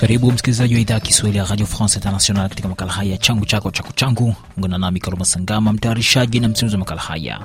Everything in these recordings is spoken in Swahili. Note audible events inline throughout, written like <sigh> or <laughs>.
Karibu msikilizaji wa idhaa Kiswahili ya Radio France International katika makala haya changu chako chako changu. Ungana nami Karuma Sangama, mtayarishaji na msimuzi wa makala haya.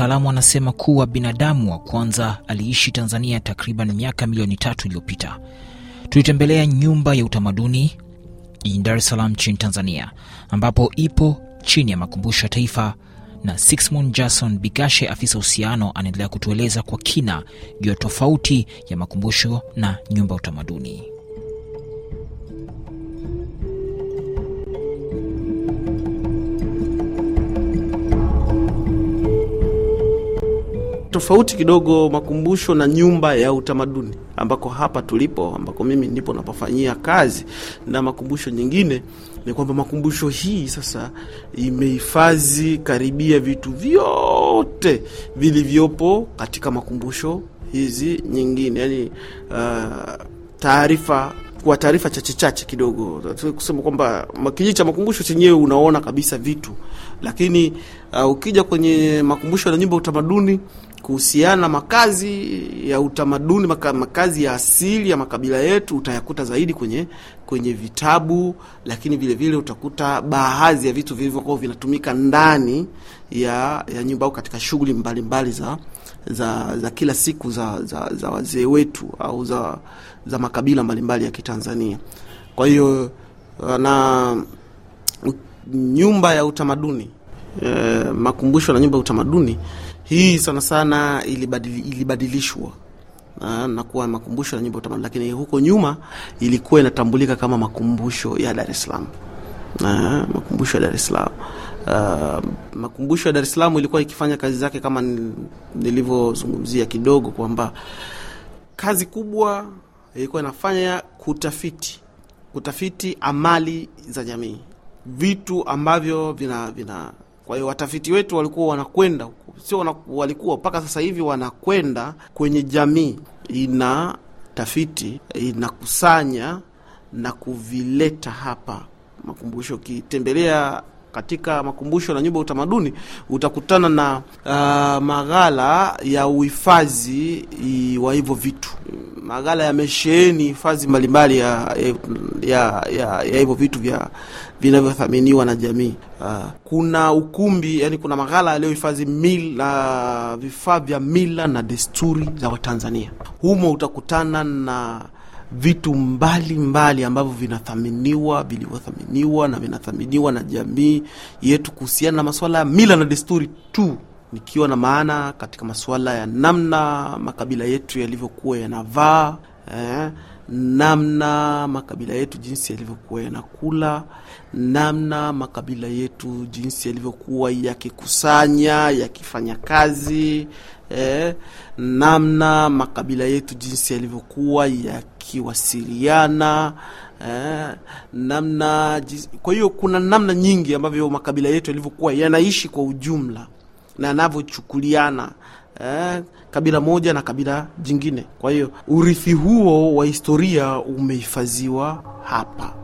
Wataalamu wanasema kuwa binadamu wa kwanza aliishi Tanzania takriban miaka milioni tatu iliyopita. Tulitembelea nyumba ya utamaduni jijini Dar es Salaam nchini Tanzania, ambapo ipo chini ya makumbusho ya taifa, na Sixmon Jason Bigashe, afisa uhusiano, anaendelea kutueleza kwa kina juu ya tofauti ya makumbusho na nyumba ya utamaduni. tofauti kidogo makumbusho na nyumba ya utamaduni, ambako hapa tulipo, ambako mimi ndipo napofanyia kazi na makumbusho nyingine, ni kwamba makumbusho hii sasa imehifadhi karibia vitu vyote vilivyopo katika makumbusho hizi nyingine, yani uh, taarifa kwa taarifa chache chache kidogo kusema kwamba kijiji cha makumbusho chenyewe unaona kabisa vitu, lakini uh, ukija kwenye makumbusho na nyumba ya utamaduni kuhusiana na makazi ya utamaduni makazi ya asili ya makabila yetu utayakuta zaidi kwenye kwenye vitabu, lakini vile vile utakuta baadhi ya vitu vilivyokuwa vinatumika ndani ya, ya nyumba au katika shughuli mbalimbali za, za za kila siku za, za, za wazee wetu au za, za makabila mbalimbali ya Kitanzania. Kwa hiyo eh, na nyumba ya utamaduni eh, makumbusho na nyumba ya utamaduni hii sana sana ilibadili, ilibadilishwa na, na kuwa makumbusho na nyumba ya utamaduni, lakini huko nyuma ilikuwa inatambulika kama makumbusho ya Dar es Salaam na eh, makumbusho ya Dar es Salaam. Uh, makumbusho ya Dar es Salaam ilikuwa ikifanya kazi zake kama nilivyozungumzia kidogo kwamba kazi kubwa ilikuwa inafanya kutafiti kutafiti amali za jamii, vitu ambavyo vina, vina kwa hiyo watafiti wetu walikuwa wanakwenda sio wana, walikuwa mpaka sasa hivi wanakwenda kwenye jamii ina tafiti inakusanya na kuvileta hapa makumbusho. Ukitembelea katika makumbusho na nyumba ya utamaduni utakutana na uh, maghala ya uhifadhi wa hivyo vitu. Maghala yamesheheni hifadhi mbalimbali ya ya ya hivyo vitu vya vinavyothaminiwa na jamii. Uh, kuna ukumbi yani, kuna maghala yaliyohifadhi mila, ah, vifaa vya mila na desturi za Watanzania. Humo utakutana na vitu mbalimbali mbali ambavyo vinathaminiwa vilivyothaminiwa na vinathaminiwa na jamii yetu kuhusiana na masuala ya mila na desturi tu, nikiwa na maana katika masuala ya namna makabila yetu yalivyokuwa yanavaa eh, namna makabila yetu jinsi yalivyokuwa yanakula, namna makabila yetu jinsi yalivyokuwa yakikusanya yakifanya kazi eh, namna makabila yetu jinsi yalivyokuwa ya wakiwasiliana eh, namna. Kwa hiyo kuna namna nyingi ambavyo makabila yetu yalivyokuwa yanaishi kwa ujumla na yanavyochukuliana eh, kabila moja na kabila jingine. Kwa hiyo urithi huo wa historia umehifadhiwa hapa.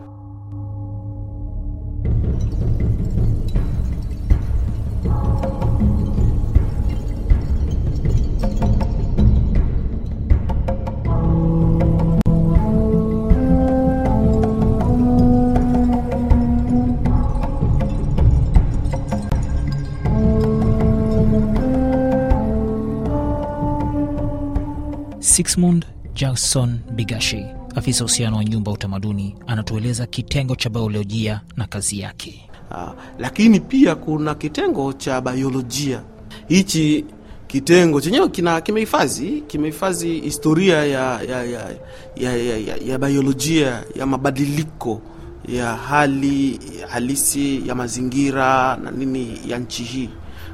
Sixmund Jackson Bigashi, afisa husiano wa nyumba ya utamaduni, anatueleza kitengo cha biolojia na kazi yake. Aa, ah, lakini pia kuna kitengo cha biolojia hichi kitengo chenyewe kina kimehifadhi kimehifadhi historia ya, ya, ya, ya, ya, ya, ya biolojia ya mabadiliko ya hali halisi ya mazingira na nini ya nchi hii.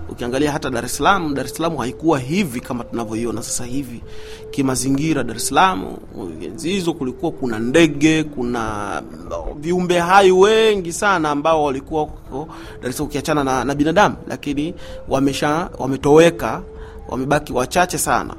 Ukiangalia hata Dar es Salaam, Dar es Salaam haikuwa hivi kama tunavyoiona sasa hivi kimazingira. Dar es Salaam enzi kulikuwa kuna ndege, kuna viumbe hai wengi sana ambao walikuwa Dar es Salaam, ukiachana na, na binadamu, lakini wamesha wametoweka, wamebaki wachache sana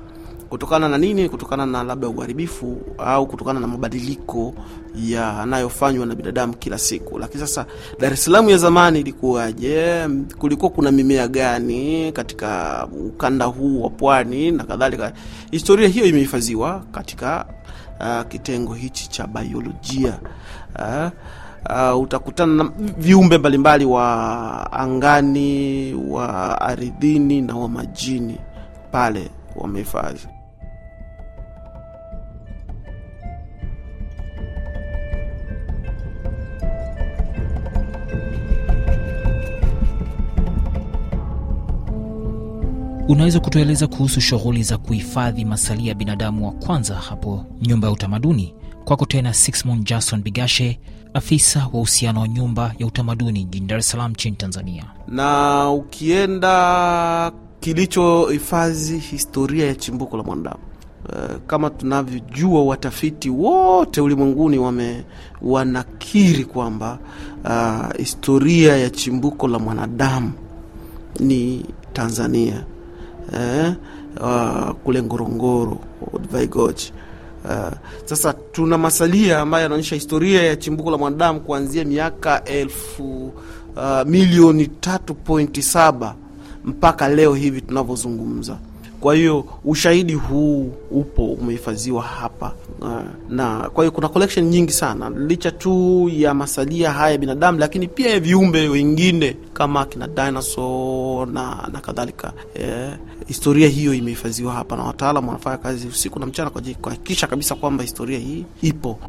kutokana na nini? Kutokana na labda uharibifu au kutokana na mabadiliko yanayofanywa na binadamu kila siku. Lakini sasa Dar es Salaam ya zamani ilikuwaje? Kulikuwa kuna mimea gani katika ukanda huu wa pwani na kadhalika? Historia hiyo imehifadhiwa katika uh, kitengo hichi cha biolojia uh, Uh, utakutana na viumbe mbalimbali wa angani, wa ardhini na wa majini pale wamehifadhi. Unaweza kutueleza kuhusu shughuli za kuhifadhi masalia ya binadamu wa kwanza hapo nyumba ya utamaduni? Kwako tena simon Jason Bigashe, afisa wa uhusiano wa nyumba ya utamaduni jijini dares salam chini Tanzania. Na ukienda kilichohifadhi historia ya chimbuko la mwanadamu eh, kama tunavyojua watafiti wote ulimwenguni wame wanakiri kwamba uh, historia ya chimbuko la mwanadamu ni Tanzania eh, uh, kule Ngorongoro Vaigochi. Uh, ah, sasa tuna masalia ambayo yanaonyesha historia ya chimbuko la mwanadamu kuanzia miaka elfu uh, milioni 3.7 mpaka leo hivi tunavyozungumza. Kwa hiyo ushahidi huu upo umehifadhiwa hapa Eh, na kwa hiyo kuna collection nyingi sana, licha tu ya masalia haya ya binadamu, lakini pia ya viumbe wengine kama kina dinosaur na, na kadhalika eh, historia hiyo imehifadhiwa hapa na wataalamu wanafanya kazi usiku na mchana kwa kuhakikisha kabisa kwamba historia hii ipo.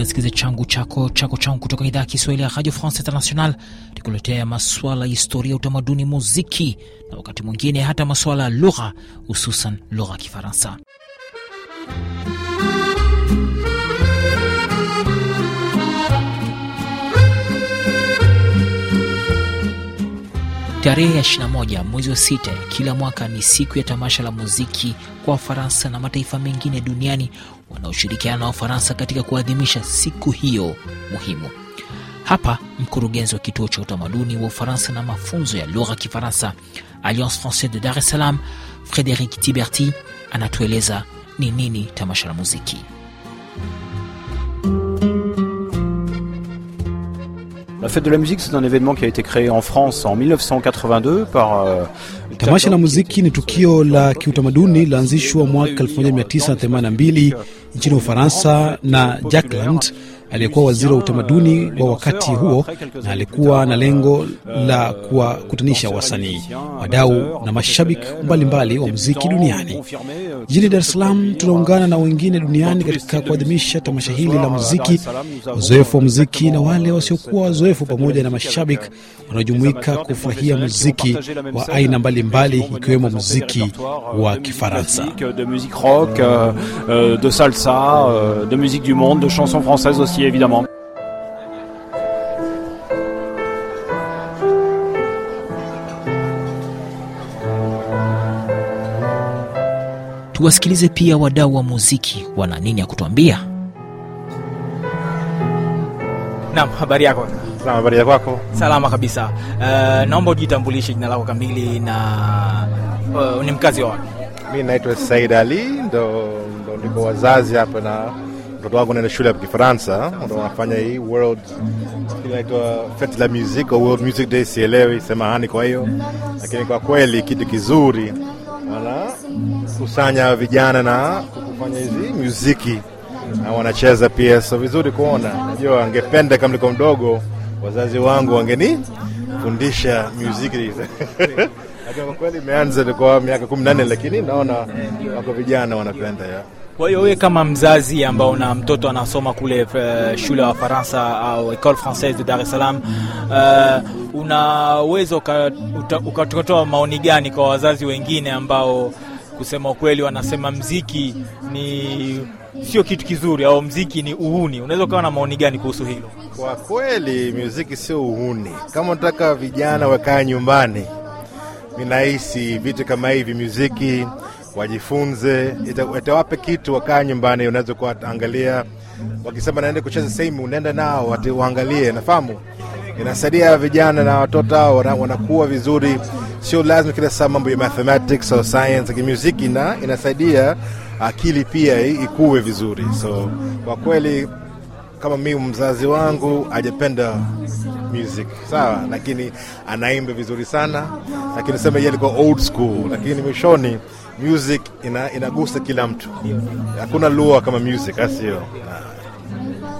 unasikiliza changu chako chako changu kutoka idhaa ya Kiswahili ya Radio France International, likuletea maswala ya historia, utamaduni, muziki na wakati mwingine hata masuala ya lugha, hususan lugha ya Kifaransa. Tarehe ya 21 mwezi wa sita kila mwaka ni siku ya tamasha la muziki kwa Wafaransa na mataifa mengine duniani wanaoshirikiana na Ufaransa katika kuadhimisha siku hiyo muhimu. Hapa mkurugenzi wa kituo cha utamaduni wa Ufaransa na mafunzo ya lugha ya Kifaransa, Alliance Francaise de Dar es Salaam, Frederic Tiberti anatueleza ni nini tamasha la muziki. La de la musique, c'est un qui a été en France en 1982 par euh, Tamasha la muziki ni tukio la kiutamaduni euh, laanzishwa mwaka 1982 nchini Ufaransa na Jackland aliyekuwa waziri wa utamaduni wa wakati huo, na alikuwa na lengo la kuwakutanisha wasanii, wadau na mashabiki mbalimbali wa muziki duniani. Jijini Dar es Salaam tunaungana na wengine duniani katika kuadhimisha tamasha hili la muziki, wazoefu wa muziki na wale wasiokuwa wazoefu, pamoja na mashabiki wanaojumuika kufurahia muziki wa aina mbalimbali ikiwemo muziki wa Kifaransa de musique rock, euh, euh, de salsa, euh, de musique du monde, de chansons françaises aussi aussi évidemment. Tuwasikilize pia wadau wa muziki wana nini ya kutuambia. Naam, habari yako? Salama, habari ya kwako? Salama kabisa. Uh, naomba ujitambulishe jina lako kamili na uh, ni mkazi wa wapi? Mimi naitwa Said Ali, ndo, ndo ndiko wazazi hapa na mtoto wako naenda shule ya Kifaransa, ndo wanafanya hii world inaitwa fete la musique au world music day, sielewi samahani. Kwa hiyo lakini kwa kweli kitu kizuri, kusanya vijana na kufanya hizi muziki na wanacheza pia, so vizuri kuona. Najua angependa kama niko mdogo, wazazi wangu wangenifundisha muziki <laughs> kwa kweli imeanza kwa miaka kumi na nne, lakini naona wako vijana wanapenda ya kwa hiyo wewe kama mzazi ambao na mtoto anasoma kule uh, shule ya Faransa au Ecole Française de Dar es Salaam uh, eh, unaweza ukatotoa maoni gani kwa wazazi wengine ambao kusema ukweli wanasema mziki ni sio kitu kizuri au mziki ni uhuni. Unaweza ukawa na maoni gani kuhusu hilo? Kwa kweli muziki sio uhuni. Kama unataka vijana wakaa nyumbani, minahisi vitu kama hivi muziki wajifunze, itawape kitu wakaa nyumbani, unaweza kuwaangalia wakisema naende kucheza sehemu, unaenda nao waangalie. Nafahamu inasaidia vijana na watoto hao wanakuwa vizuri, sio lazima kila saa mambo ya mathematics science. na inasaidia akili pia ikuwe vizuri. So kwa kweli kama mi mzazi wangu ajapenda music sawa, lakini anaimba vizuri sana, lakini sema yeye alikuwa old school, lakini mwishoni music ina, inagusa kila mtu, hakuna lua kama music, asio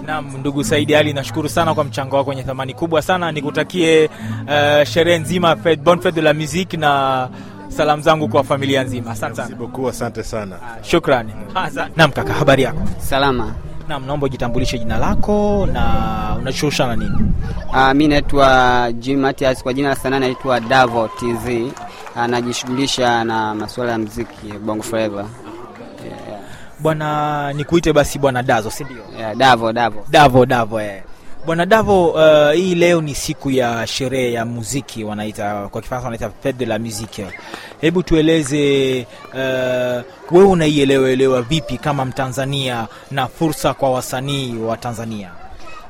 Naam, ndugu Saidi Ali, nashukuru sana kwa mchango wako wenye thamani kubwa sana. Nikutakie uh, sherehe nzima Bonne Fete la music na salamu zangu kwa familia nzima. Asante sana. Asante sana. Ah, shukrani. Ah, naam kaka, habari yako? Salama. Naam, naomba ujitambulishe jina lako na unashusha nini? Uh, ah, mimi naitwa Jim Matias, kwa jina la sanaa naitwa Davo TZ anajishughulisha na masuala ya muziki Bongo Flava. Bwana nikuite basi bwana Dazo, si ndio? Yeah, Davo, Davo. Davo, Davo, eh. Bwana Davo, uh, hii leo ni siku ya sherehe ya muziki wanaita kwa Kifaransa wanaita fete de la musique. Hebu tueleze uh, wewe unaielewaelewa vipi kama Mtanzania na fursa kwa wasanii wa Tanzania?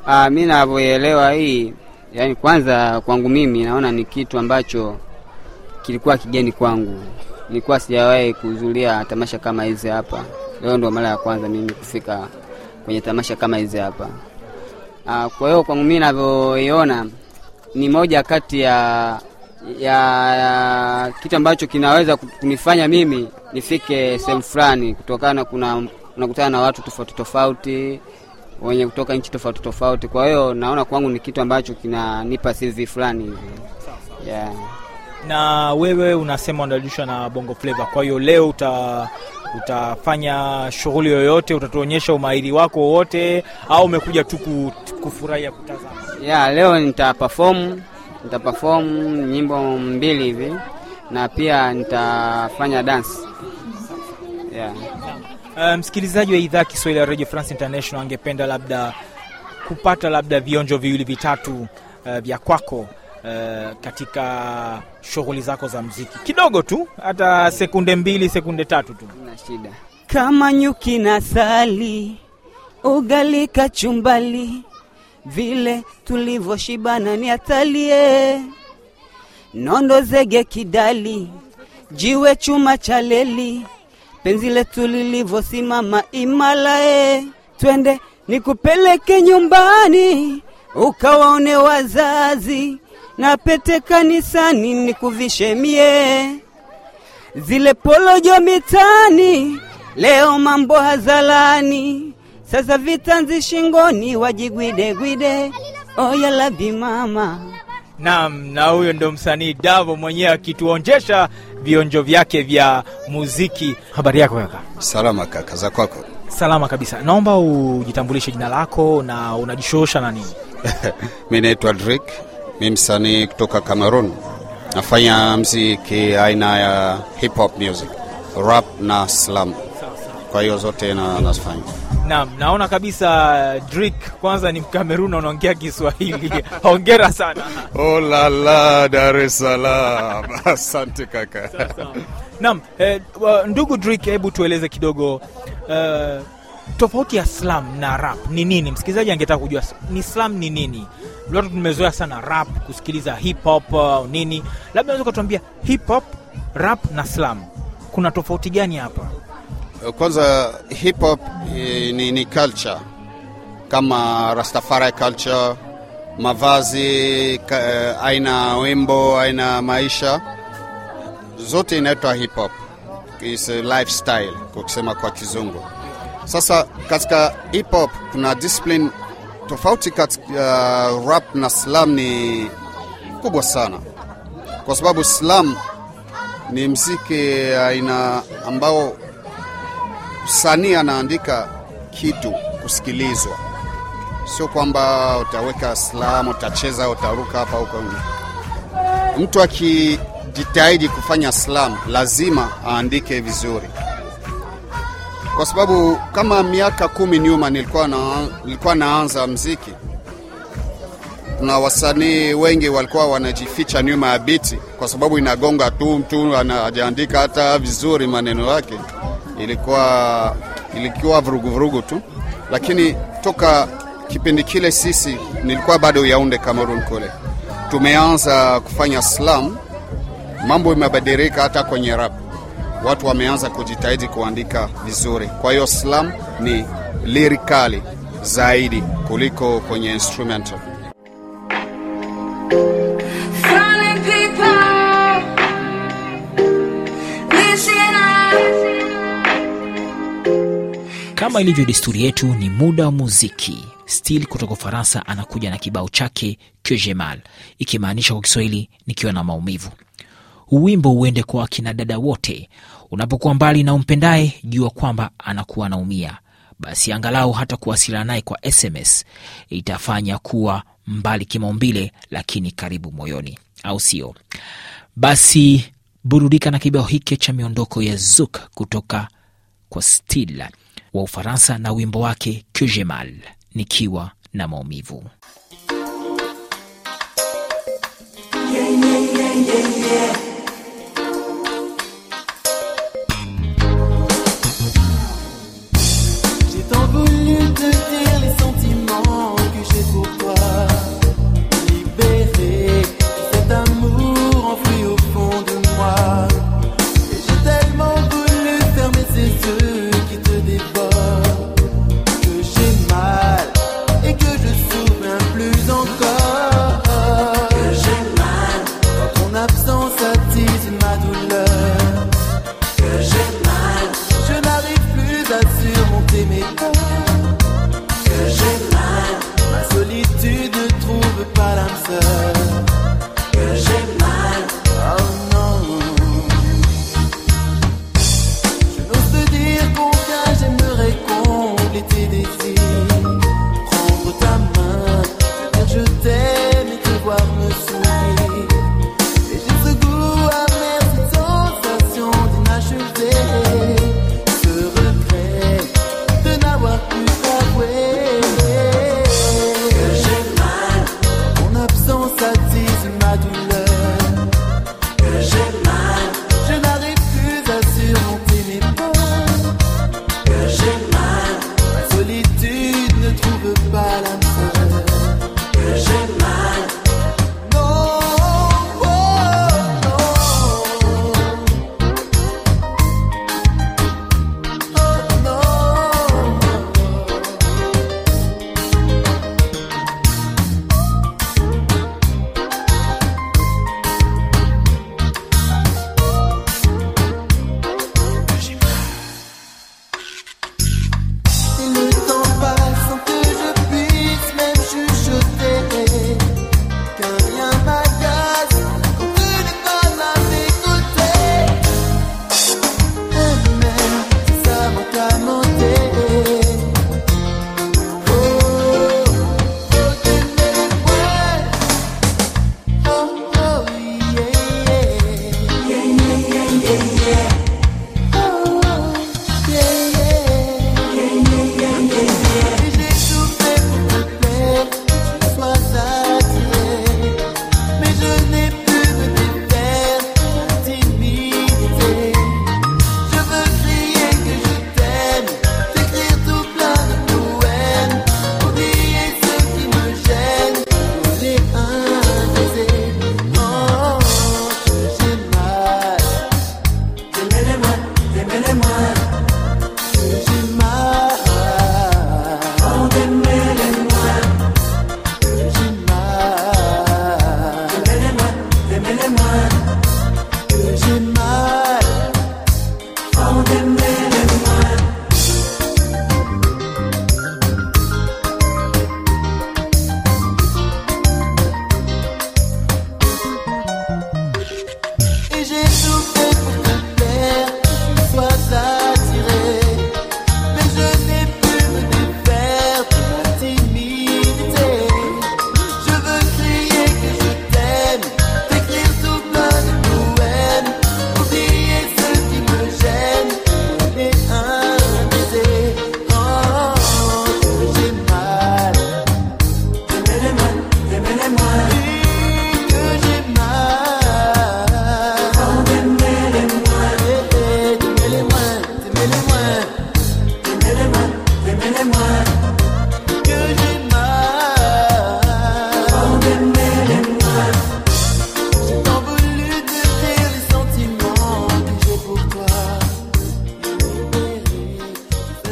Uh, mi navyoelewa hii, yani kwanza kwangu mimi naona ni kitu ambacho kilikuwa kigeni kwangu, nilikuwa sijawahi kuhudhuria tamasha kama hizi hapa. Leo ndo mara ya kwanza mimi kufika kwenye tamasha kama hizi hapa. Aa, ah, Kwa hiyo kwangu mimi navyoiona ni moja kati ya ya, ya kitu ambacho kinaweza kunifanya mimi nifike sehemu fulani, kutokana kuna unakutana na watu tofauti tofauti wenye kutoka nchi tofauti tofauti. Kwa hiyo naona kwangu ni kitu ambacho kinanipa sivi fulani hivi yeah na wewe unasema unadalishwa na Bongo flavor Kwa hiyo leo uta utafanya shughuli yoyote, utatuonyesha umahiri wako wote, au umekuja tu kufurahia kutazama? Yeah, leo nita perform, nita perform nyimbo mbili hivi na pia nitafanya dance yeah. Uh, msikilizaji wa idhaa Kiswahili ya Radio France International angependa labda kupata labda vionjo viwili vitatu uh, vya kwako uh, katika shughuli zako za mziki? Kidogo tu, hata sekunde mbili, sekunde tatu tu. shida kama nyuki na sali, ugali kachumbali, vile tulivyoshibana ni atalie nondo zege kidali jiwe chuma cha leli penzi letu lilivyosimama imalae, twende nikupeleke nyumbani ukawaone wazazi na pete kanisani nikuvishe mie, zile polojo mitani leo mambo hazalani, sasa vitanzi shingoni wajigwidegwide, oya labi mama nam na huyo ndo msanii Davo mwenyewe akituonjesha vionjo vyake vya muziki. Habari yako kaka? Salama kaka, za kwako? Salama kabisa. Naomba ujitambulishe jina lako na unajishoosha na nini? <laughs> Mi naitwa drik mi msanii kutoka Cameroon, nafanya mziki aina ya hip hop music, rap na slam, kwa hiyo zote na nam naona kabisa uh, drik kwanza ni Mkamerun anaongea Kiswahili. <laughs> Hongera sana. <laughs> Oh la la Dar es Salaam. <laughs> Asante kaka. Naam, eh, ndugu Drake, hebu tueleze kidogo eh, tofauti ya slam na rap ni nini? Msikilizaji angetaka kujua ni slam ni nini. Watu tumezoea sana rap, kusikiliza hip hop uh, nini, labda unaweza kutuambia hip hop, rap na slam kuna tofauti gani hapa? Kwanza hip hop e, ni, ni culture kama Rastafari culture, mavazi ka, eh, aina wimbo aina maisha zote inaitwa hip hop, is lifestyle kwa kusema kwa kizungu sasa katika hip hop kuna discipline tofauti kati ya uh, rap na slam ni kubwa sana, kwa sababu slam ni mziki aina ambao msanii anaandika kitu kusikilizwa, sio kwamba utaweka slam, utacheza, utaruka hapa huko. Mtu akijitahidi kufanya slam lazima aandike vizuri kwa sababu kama miaka kumi nyuma nilikuwa, na, nilikuwa naanza mziki na wasanii wengi walikuwa wanajificha nyuma ya biti kwa sababu inagonga tu, mtu hajaandika hata vizuri maneno yake, ilikuwa ilikuwa vuruguvurugu tu, lakini toka kipindi kile sisi, nilikuwa bado Yaunde Cameroon kule, tumeanza kufanya slam, mambo imebadilika hata kwenye rap watu wameanza kujitahidi kuandika vizuri. Kwa hiyo slam ni lirikali zaidi kuliko kwenye instrumental. Kama ilivyo desturi yetu, ni muda wa muziki. Stil kutoka Ufaransa anakuja na kibao chake que j'ai mal, ikimaanisha kwa Kiswahili nikiwa na maumivu. Uwimbo uende kwa akina dada wote. Unapokuwa mbali na umpendaye, jua kwamba anakuwa naumia Basi angalau hata kuwasiliana naye kwa SMS itafanya kuwa mbali kimaumbile, lakini karibu moyoni, au sio? Basi burudika na kibao hiki cha miondoko ya zuk kutoka kwa stil wa Ufaransa na wimbo wake kujemal nikiwa na maumivu yeah, yeah, yeah, yeah, yeah. answer.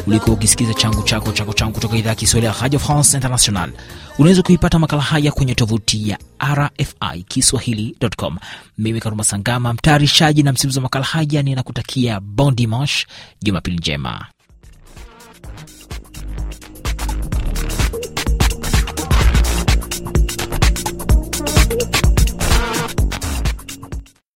Ulikuwa ukisikiza changu chako chako changu kutoka idhaa ya Kiswahili ya Radio France International. Unaweza kuipata makala haya kwenye tovuti ya RFI Kiswahili.com. Mimi Karuma Sangama, mtayarishaji na msimuzi wa makala haya, ninakutakia bon dimanche, jumapili njema.